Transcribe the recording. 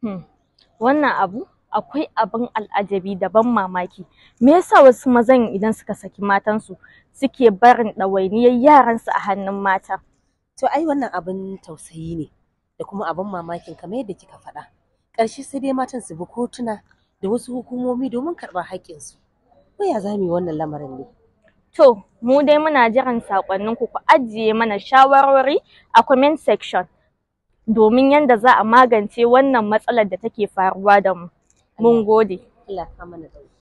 Hmm. wannan abu akwai abin al'ajabi da ban mamaki me yasa wasu mazan idan suka saki matansu suke barin ɗawainiyar yaransu a hannun mata to ai wannan abin tausayi ne da kuma abin mamakin kamar yadda kika faɗa ƙarshe sai dai matan su bi kotuna da wasu hukumomi domin karɓar haƙƙinsu ko ya za mu yi wannan lamarin ne to mu dai muna jiran saƙonninku ku ajiye mana shawarwari a comment section domin yadda za a magance wannan matsalar da take faruwa da mu. Mun gode.